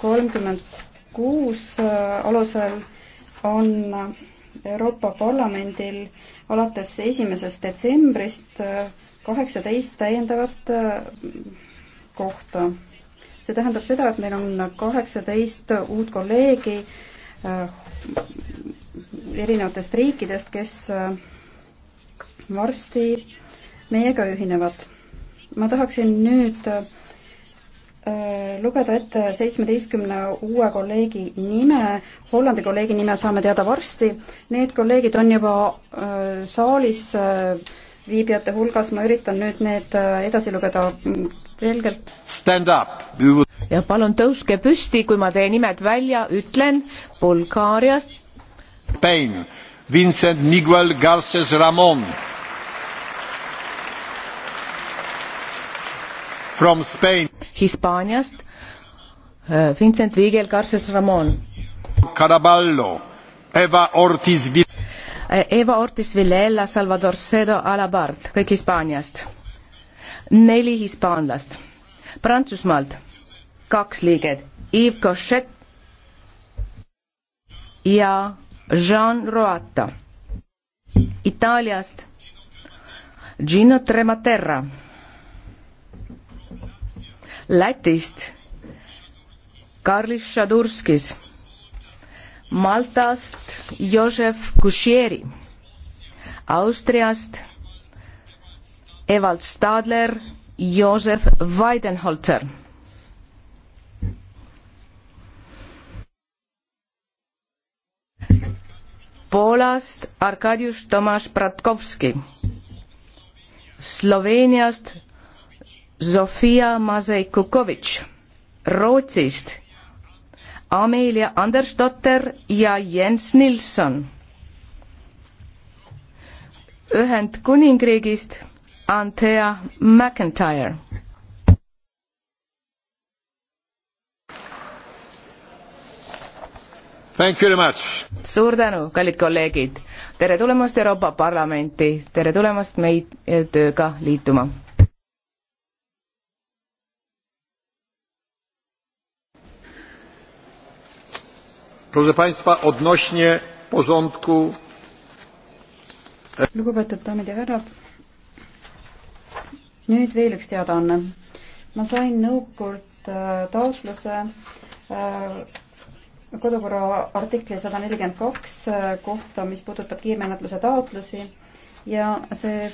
kolmkümmend kuus äh, alusel on Euroopa Parlamendil alates esimesest detsembrist äh, kaheksateist täiendavat äh, kohta. see tähendab seda, et meil on kaheksateist uut kolleegi erinevatest riikidest, kes varsti meiega ühinevad. ma tahaksin nüüd Äh, lugeda ette seitsmeteistkümne uue kolleegi nime, Hollandi kolleegi nime saame teada varsti. Need kolleegid on juba äh, saalis äh, viibijate hulgas, ma üritan nüüd need edasi lugeda mm, selgelt. ja palun tõuske püsti, kui ma teie nimed välja ütlen. Bulgaariast. Spain, Vincent Miguel Garces Ramon. From Spain. Hispaaniast, äh, Vincent Vigel Garces Ramon. Caraballo, Eva Ortiz. Äh, Eva Ortiz Villela, Salvador Cedo Alabart, kõik Hispaaniast. neli hispaanlast. Prantsusmaalt kaks liiget, Yves Cochet ja Jean Roata. Itaaliast Gino Trematerra Lätist Karlis Šadurskis, Maltast Jožef Kušieri, Austriast Evald Stadler, Josef Weidenholzer. Poolast Arkadiusz Tomasz Bratkowski, Sloveeniast Sofia Masej-Kukovic Rootsist, Amelia Andersdotter ja Jens Nilsson. Ühendkuningriigist Anthea McIntyre. suur tänu, kallid kolleegid. tere tulemast Euroopa Parlamenti, tere tulemast meid eh, tööga liituma Proszę Państwa, odnośnie porządku. E, lugupeetud daamid ja härrad, nüüd veel üks teadaanne. ma sain nõukult e, taotluse e, kodukorra artikli sada nelikümmend kaks kohta, mis puudutab kiirmenetluse taotlusi ja see